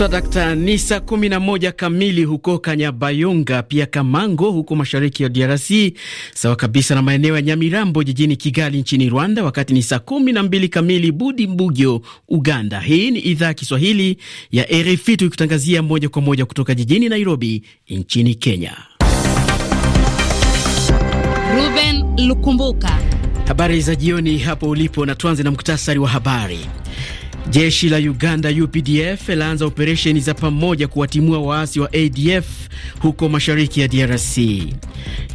Haswa dakta, ni saa kumi na moja kamili huko Kanyabayonga, pia Kamango huko mashariki ya DRC, sawa kabisa na maeneo ya Nyamirambo jijini Kigali nchini Rwanda. Wakati ni saa kumi na mbili kamili Budi Mbugyo, Uganda. Hii ni idhaa ya Kiswahili ya RFI tukitangazia moja kwa moja kutoka jijini Nairobi nchini Kenya. Ruben Lukumbuka, habari za jioni hapo ulipo, na tuanze na muktasari wa habari. Jeshi la Uganda UPDF laanza operesheni za pamoja kuwatimua waasi wa ADF huko mashariki ya DRC.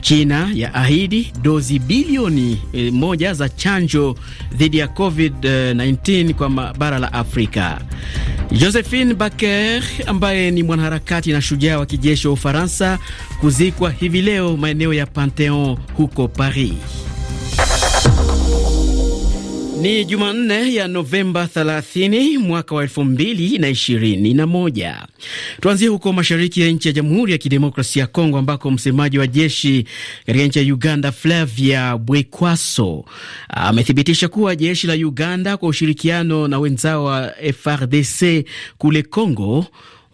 China ya ahidi dozi bilioni eh, moja za chanjo dhidi ya COVID-19 kwa bara la Afrika. Josephine Baker ambaye ni mwanaharakati na shujaa wa kijeshi wa Ufaransa kuzikwa hivi leo maeneo ya Pantheon huko Paris. Ni Jumanne ya Novemba 30 mwaka wa elfu mbili na ishirini na moja. Tuanzie huko mashariki ya nchi ya Jamhuri ya Kidemokrasia ya Kongo ambako msemaji wa jeshi katika nchi ya Uganda Flavia Bwekwaso amethibitisha kuwa jeshi la Uganda kwa ushirikiano na wenzao wa FRDC kule Kongo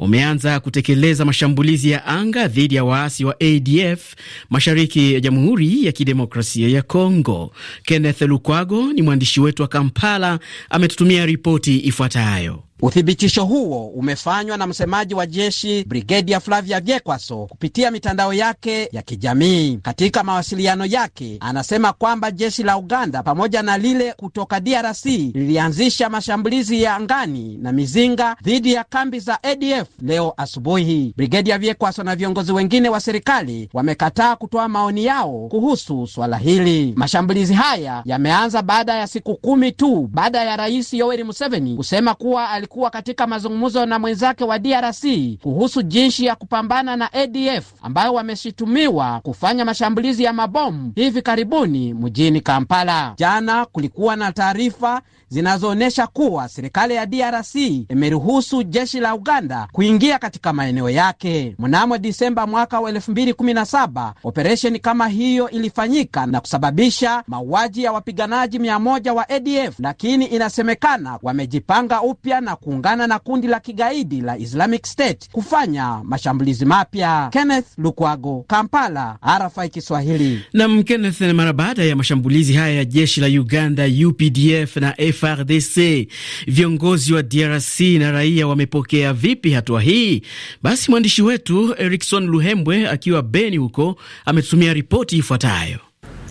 umeanza kutekeleza mashambulizi ya anga dhidi ya waasi wa ADF mashariki ya Jamhuri ya Kidemokrasia ya Kongo. Kenneth Lukwago ni mwandishi wetu wa Kampala, ametutumia ripoti ifuatayo. Uthibitisho huo umefanywa na msemaji wa jeshi Brigedia Flavia Vyekwaso kupitia mitandao yake ya kijamii. Katika mawasiliano yake, anasema kwamba jeshi la Uganda pamoja na lile kutoka DRC lilianzisha mashambulizi ya angani na mizinga dhidi ya kambi za ADF leo asubuhi. Brigedia Vyekwaso na viongozi wengine wa serikali wamekataa kutoa maoni yao kuhusu swala hili. Mashambulizi haya yameanza baada ya siku kumi tu baada ya Rais Yoweri Museveni kusema kuwa alikuwa katika mazungumzo na mwenzake wa DRC kuhusu jinsi ya kupambana na ADF ambayo wameshitumiwa kufanya mashambulizi ya mabomu hivi karibuni mjini Kampala. Jana kulikuwa na taarifa zinazoonyesha kuwa serikali ya DRC imeruhusu jeshi la Uganda kuingia katika maeneo yake. Mnamo Disemba mwaka wa 2017 operesheni kama hiyo ilifanyika na kusababisha mauaji ya wapiganaji 100 wa ADF, lakini inasemekana wamejipanga upya na kuungana na kundi la kigaidi la Islamic State kufanya mashambulizi mapya. Kenneth Lukwago, Kampala, RFI Kiswahili. Nam Kenneth, mara baada ya mashambulizi haya ya jeshi la Uganda UPDF na F FRDC. Viongozi wa DRC na raia wamepokea vipi hatua hii? Basi mwandishi wetu Erikson Luhembwe akiwa Beni huko ametutumia ripoti ifuatayo.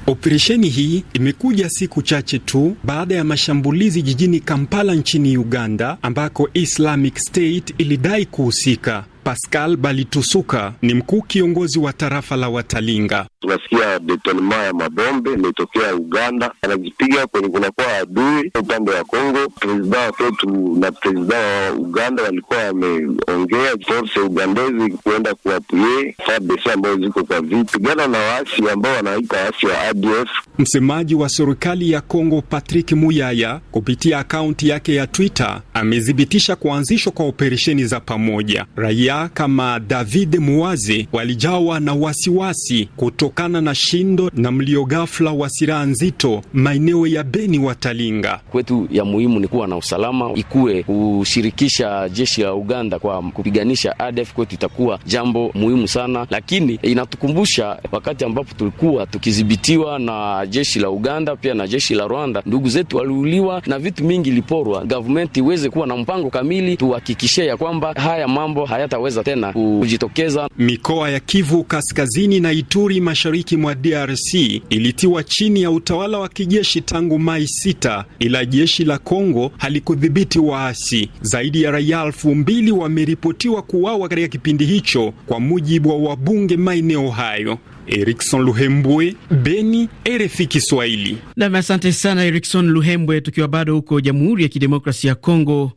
Operesheni hii imekuja siku chache tu baada ya mashambulizi jijini Kampala nchini Uganda ambako Islamic State ilidai kuhusika. Pascal Balitusuka ni mkuu kiongozi wa tarafa la Watalinga tunasikia detonema ya mabombe imetokea Uganda, anajipiga kwenye kunakuwa adui upande wa Kongo. Prezida wetu na presida wa Uganda walikuwa wameongea force ugandezi kuenda kuwapuye FARDC ambayo ziko kwa vita na waasi ambao wanaita waasi wa ADF. Msemaji wa serikali ya Kongo Patrick Muyaya kupitia akaunti yake ya Twitter amethibitisha kuanzishwa kwa operesheni za pamoja. Raia kama David Muwazi walijawa na wasiwasi kuto kutokana na shindo na mlio ghafla wa silaha nzito maeneo ya Beni Watalinga. Kwetu ya muhimu ni kuwa na usalama, ikuwe kushirikisha jeshi la Uganda kwa kupiganisha ADF kwetu itakuwa jambo muhimu sana, lakini inatukumbusha wakati ambapo tulikuwa tukidhibitiwa na jeshi la Uganda pia na jeshi la Rwanda, ndugu zetu waliuliwa na vitu mingi iliporwa Government iweze kuwa na mpango kamili, tuhakikishe ya kwamba haya mambo hayataweza tena kujitokeza. Mikoa ya Kivu Kaskazini na Ituri mash mashariki mwa DRC ilitiwa chini ya utawala wa kijeshi tangu Mai sita, ila jeshi la Kongo halikudhibiti waasi. Zaidi ya raia elfu mbili wameripotiwa kuuawa katika kipindi hicho, kwa mujibu wa wabunge maeneo hayo. Erikson Luhembwe, Beni, RFI Kiswahili. Nam, asante sana Erikson Luhembwe. Tukiwa bado huko Jamhuri ya Kidemokrasia ya Kongo,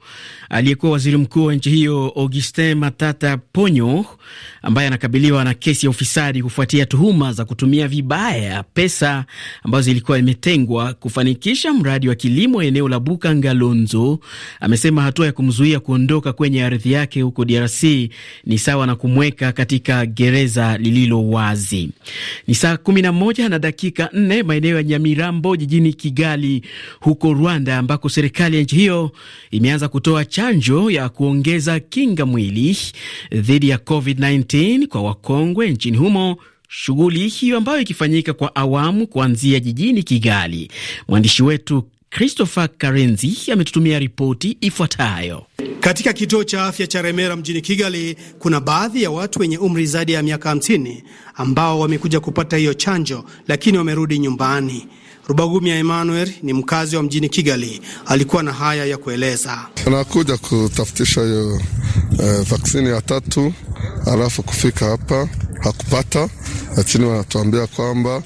aliyekuwa waziri mkuu wa nchi hiyo Augustin Matata Ponyo, ambaye anakabiliwa na kesi ya ufisadi kufuatia tuhuma za kutumia vibaya pesa ambazo zilikuwa imetengwa kufanikisha mradi wa kilimo eneo la Bukanga Lonzo, amesema hatua ya kumzuia kuondoka kwenye ardhi yake huko DRC ni sawa na kumweka katika gereza lililo wazi. Ni saa 11 na dakika 4 maeneo ya Nyamirambo jijini Kigali huko Rwanda, ambako serikali ya nchi hiyo imeanza kutoa chanjo ya kuongeza kinga mwili dhidi ya COVID-19 kwa wakongwe nchini humo, shughuli hiyo ambayo ikifanyika kwa awamu kuanzia jijini Kigali. Mwandishi wetu Christopher Karenzi ametutumia ripoti ifuatayo. Katika kituo cha afya cha Remera mjini Kigali, kuna baadhi ya watu wenye umri zaidi ya miaka 50 ambao wamekuja kupata hiyo chanjo, lakini wamerudi nyumbani. ya Emmanuel ni mkazi wa mjini Kigali, alikuwa na haya ya kueleza. Tunakuja kutafutisha hiyo eh, vaksini ya tatu, alafu kufika hapa hakupata, lakini wanatuambia kwamba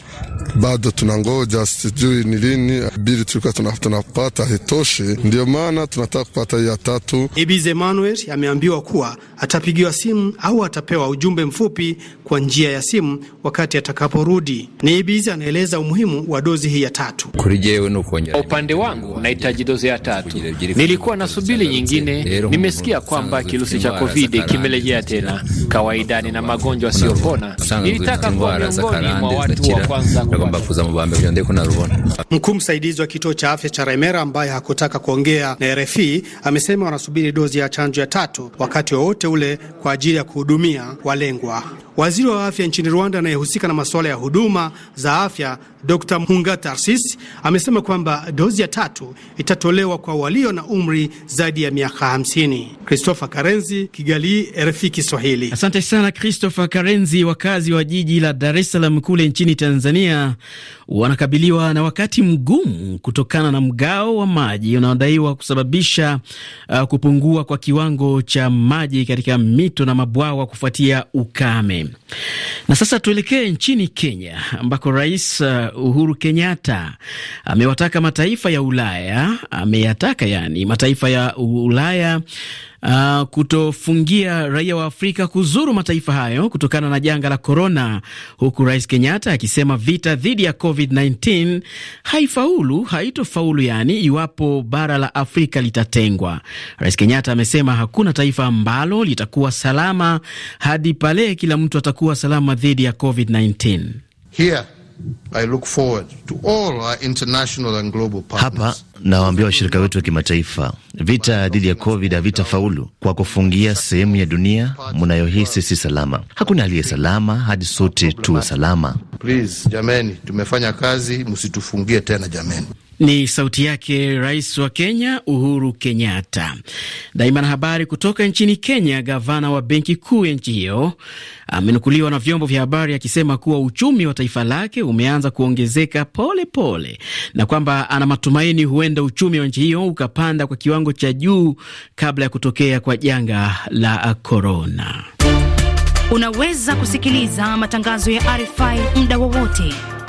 bado tunangoja, sijui ni lini bili tulikuwa tunapata hitoshe, ndiyo maana tunataka kupata ya tatu. Ebize Emmanuel ameambiwa kuwa atapigiwa simu au atapewa ujumbe mfupi kwa njia ya simu wakati atakaporudi. Ni Ebize anaeleza umuhimu wa dozi hii ya tatu. Kwa upande wangu nahitaji dozi ya tatu, nilikuwa nasubiri nyingine. Nimesikia kwamba kirusi cha COVID kimelejea tena. Kawaida na magonjwa asiyopona, nilitaka kuwa miongoni mwa watu wa kwanza kwamba mu bambe kugira ndiko Mkuu msaidizi wa kituo cha afya cha Remera ambaye hakutaka kuongea na RFI amesema wanasubiri dozi ya chanjo ya tatu wakati wowote ule kwa ajili ya kuhudumia walengwa. Waziri wa afya nchini Rwanda anayehusika na, masuala ya huduma za afya Dr. Munga Tarsis amesema kwamba dozi ya tatu itatolewa kwa walio na umri zaidi ya miaka 50. Christopher Karenzi, Kigali, RFI Kiswahili. Asante sana Christopher Karenzi. Wakazi wa jiji la Dar es Salaam kule nchini Tanzania wanakabiliwa na wakati mgumu kutokana na mgao wa maji unaodaiwa kusababisha uh, kupungua kwa kiwango cha maji katika mito na mabwawa kufuatia ukame. Na sasa tuelekee nchini Kenya ambako Rais uh, Uhuru Kenyatta amewataka mataifa ya Ulaya ameyataka yani mataifa ya Ulaya uh, kutofungia raia wa Afrika kuzuru mataifa hayo kutokana na janga la korona, huku Rais Kenyatta akisema vita dhidi ya COVID-19 haifaulu, haitofaulu yani iwapo bara la Afrika litatengwa. Rais Kenyatta amesema hakuna taifa ambalo litakuwa salama hadi pale kila mtu atakuwa salama dhidi ya COVID-19. Here. I look forward to all our international and global partners. Hapa nawaambia washirika wetu wa kimataifa, vita dhidi ya COVID havita faulu kwa kufungia sehemu ya dunia mnayohisi si salama. Hakuna aliye salama hadi sote tuwe salama. Please jameni, tumefanya kazi, msitufungie tena jameni. Ni sauti yake rais wa Kenya Uhuru Kenyatta. Daima na habari kutoka nchini Kenya, gavana wa benki kuu ya nchi hiyo amenukuliwa na vyombo vya habari akisema kuwa uchumi wa taifa lake umeanza kuongezeka pole pole, na kwamba ana matumaini huenda uchumi wa nchi hiyo ukapanda kwa kiwango cha juu kabla ya kutokea kwa janga la korona. Unaweza kusikiliza matangazo ya RFI muda wowote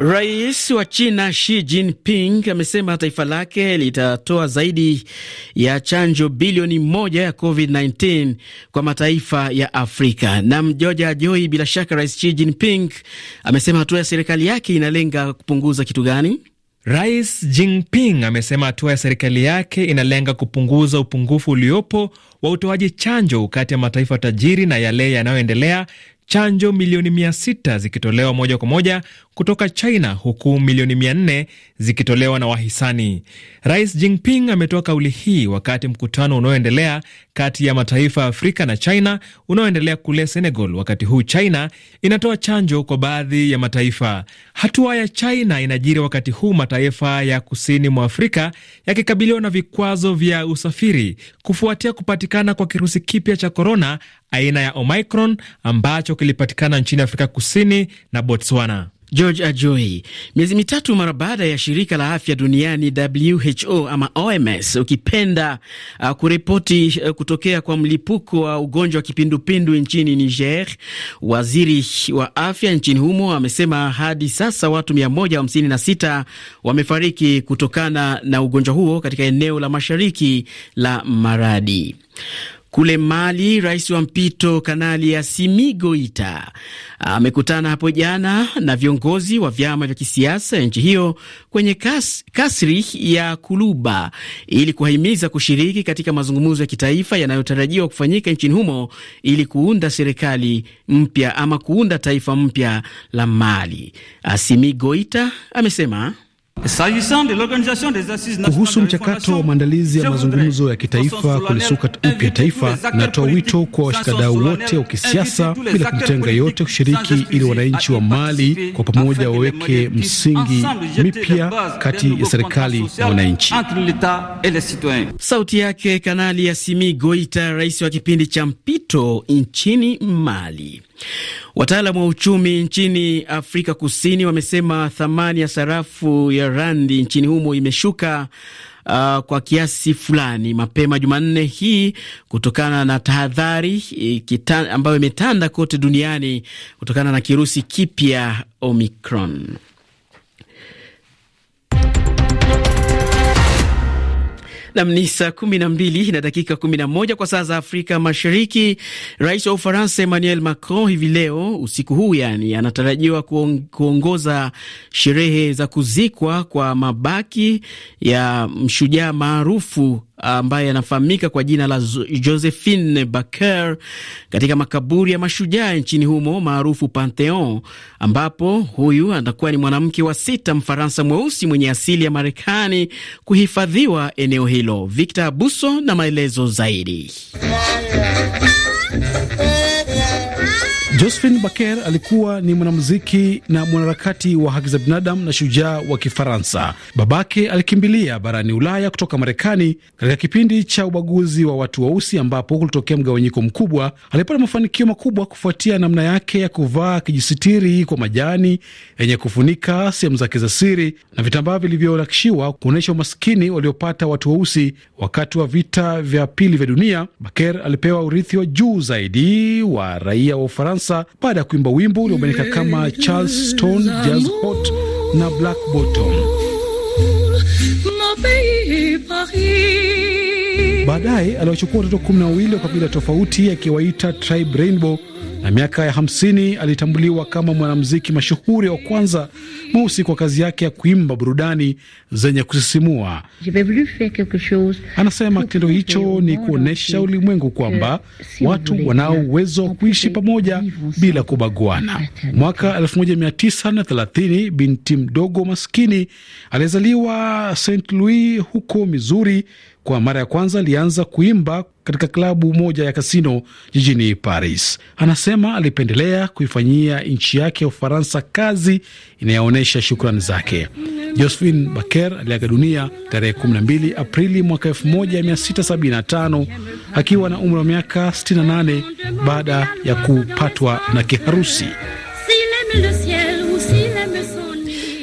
Rais wa China Xi Jinping amesema taifa lake litatoa zaidi ya chanjo bilioni moja ya COVID-19 kwa mataifa ya Afrika. Na mjoja joi, bila shaka Rais Xi Jinping amesema hatua ya serikali yake inalenga kupunguza kitu gani? Rais Jinping amesema hatua ya serikali yake inalenga kupunguza upungufu uliopo wa utoaji chanjo kati ya mataifa tajiri na yale yanayoendelea, chanjo milioni mia sita zikitolewa moja kwa moja kutoka China, huku milioni mia nne zikitolewa na wahisani. Rais Jinping ametoa kauli hii wakati mkutano unaoendelea kati ya mataifa ya Afrika na China unaoendelea kule Senegal, wakati huu China inatoa chanjo kwa baadhi ya mataifa. Hatua ya China inajiri wakati huu mataifa ya kusini mwa Afrika yakikabiliwa na vikwazo vya usafiri kufuatia kupatikana kwa kirusi kipya cha korona aina ya Omicron ambacho kilipatikana nchini Afrika Kusini na Botswana. George Ajoi. Miezi mitatu mara baada ya shirika la afya duniani WHO ama OMS ukipenda uh, kuripoti uh, kutokea kwa mlipuko wa ugonjwa wa kipindupindu nchini Niger, waziri wa afya nchini humo amesema hadi sasa watu 156 wamefariki kutokana na ugonjwa huo katika eneo la mashariki la Maradi. Kule Mali, rais wa mpito Kanali asimi Goita amekutana hapo jana na viongozi wa vyama vya kisiasa ya nchi hiyo kwenye kas, kasri ya Kuluba ili kuwahimiza kushiriki katika mazungumzo ya kitaifa yanayotarajiwa kufanyika nchini humo ili kuunda serikali mpya ama kuunda taifa mpya la Mali. asimi Goita amesema kuhusu mchakato wa maandalizi ya mazungumzo ya kitaifa kulisuka upya taifa, natoa wito kwa washikadau wote wa kisiasa bila kumtenga yote kushiriki, ili wananchi wa Mali kwa pamoja waweke msingi mipya kati ya serikali na wananchi. Sauti yake Kanali Assimi Goita, rais wa kipindi cha mpito nchini Mali wataalam wa uchumi nchini Afrika Kusini wamesema thamani ya sarafu ya randi nchini humo imeshuka uh, kwa kiasi fulani mapema Jumanne hii kutokana na tahadhari eh, ambayo imetanda kote duniani kutokana na kirusi kipya Omicron. Nam ni saa kumi na mbili na dakika kumi na moja kwa saa za Afrika Mashariki. Rais wa Ufaransa Emmanuel Macron hivi leo usiku huu, yani, anatarajiwa kuongoza sherehe za kuzikwa kwa mabaki ya mshujaa maarufu ambaye anafahamika kwa jina la Josephine Baker katika makaburi ya mashujaa nchini humo maarufu Pantheon, ambapo huyu anakuwa ni mwanamke wa sita Mfaransa mweusi mwenye asili ya Marekani kuhifadhiwa eneo hilo. Victor Abuso na maelezo zaidi Josephine Baker alikuwa ni mwanamuziki na mwanaharakati wa haki za binadamu na shujaa wa Kifaransa. Babake alikimbilia barani Ulaya kutoka Marekani katika kipindi cha ubaguzi wa watu weusi wa ambapo kulitokea mgawanyiko mkubwa. Alipata mafanikio makubwa kufuatia namna yake ya kuvaa kijisitiri kwa majani yenye kufunika sehemu zake za siri na vitambaa vilivyonakishiwa kuonyesha umaskini waliopata watu weusi wa wakati wa vita vya pili vya dunia. Baker alipewa urithi wa juu zaidi wa raia wa Ufaransa Mombasa baada ya kuimba wimbo uliobanika kama Charles Stone Jazz Hot na Black Bottom. Baadaye aliwachukua watoto kumi na wawili wa kabila tofauti akiwaita Tribe Rainbow na miaka ya 50 alitambuliwa kama mwanamuziki mashuhuri wa kwanza mweusi kwa kazi yake ya kuimba burudani zenye kusisimua. Anasema kitendo hicho ni kuonyesha ulimwengu kwamba watu wanao uwezo wa kuishi pamoja bila kubaguana. Mwaka 1930 binti mdogo maskini alizaliwa St Louis huko Missouri kwa mara ya kwanza alianza kuimba katika klabu moja ya kasino jijini Paris. Anasema alipendelea kuifanyia nchi yake ya Ufaransa kazi inayoonyesha shukrani zake. josephin Baker aliaga dunia tarehe 12 Aprili mwaka 1675 akiwa na umri wa miaka 68 baada ya kupatwa na kiharusi.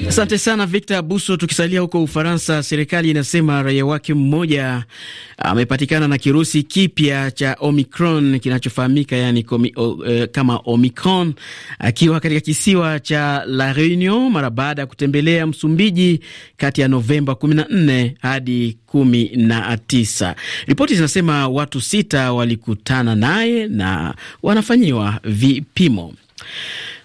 Asante sana Victor Abuso. Tukisalia huko Ufaransa, serikali inasema raia wake mmoja amepatikana na kirusi kipya cha Omicron kinachofahamika yani komi, o, e, kama Omicron akiwa katika kisiwa cha La Reunion mara baada ya kutembelea Msumbiji kati ya Novemba 14 hadi 19. Ripoti zinasema watu sita walikutana naye na wanafanyiwa vipimo.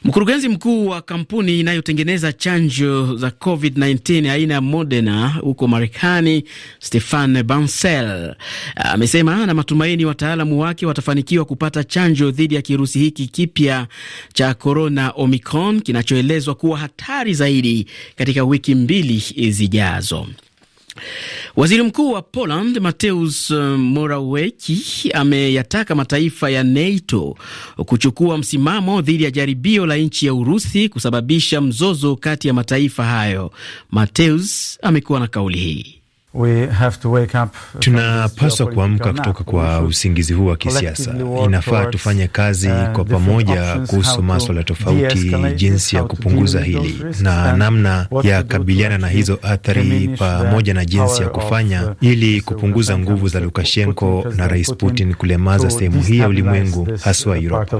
Mkurugenzi mkuu wa kampuni inayotengeneza chanjo za COVID-19 aina ya Moderna huko Marekani, Stefan Bancel amesema ana matumaini wataalamu wake watafanikiwa kupata chanjo dhidi ya kirusi hiki kipya cha corona Omicron kinachoelezwa kuwa hatari zaidi katika wiki mbili zijazo. Waziri mkuu wa Poland Mateusz um, Morawiecki ameyataka mataifa ya NATO kuchukua msimamo dhidi ya jaribio la nchi ya Urusi kusababisha mzozo kati ya mataifa hayo. Mateusz amekuwa na kauli hii. Uh, Tunapaswa kuamka kutoka kwa usingizi huu wa kisiasa. Inafaa tufanye kazi kwa pamoja kuhusu maswala tofauti, jinsi ya kupunguza hili na namna ya kabiliana na hizo athari, pamoja na jinsi ya kufanya ili kupunguza nguvu za Lukashenko na Rais Putin kulemaza sehemu hii ya ulimwengu, haswa uh, Uropa.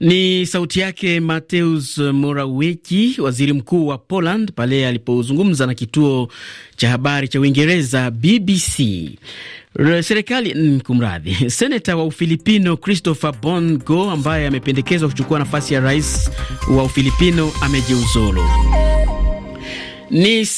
Ni sauti yake Mateusz Morawiecki, waziri mkuu wa Poland, pale alipozungumza na kituo cha habari cha Uingereza BBC. Serikali mm, kumradhi, seneta wa Ufilipino Christopher Bongo ambaye amependekezwa kuchukua nafasi ya rais wa Ufilipino amejiuzulu. Ni